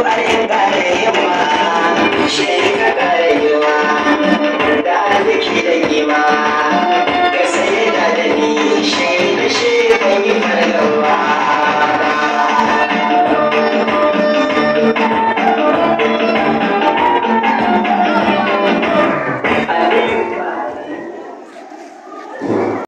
Shekara yiwa, da da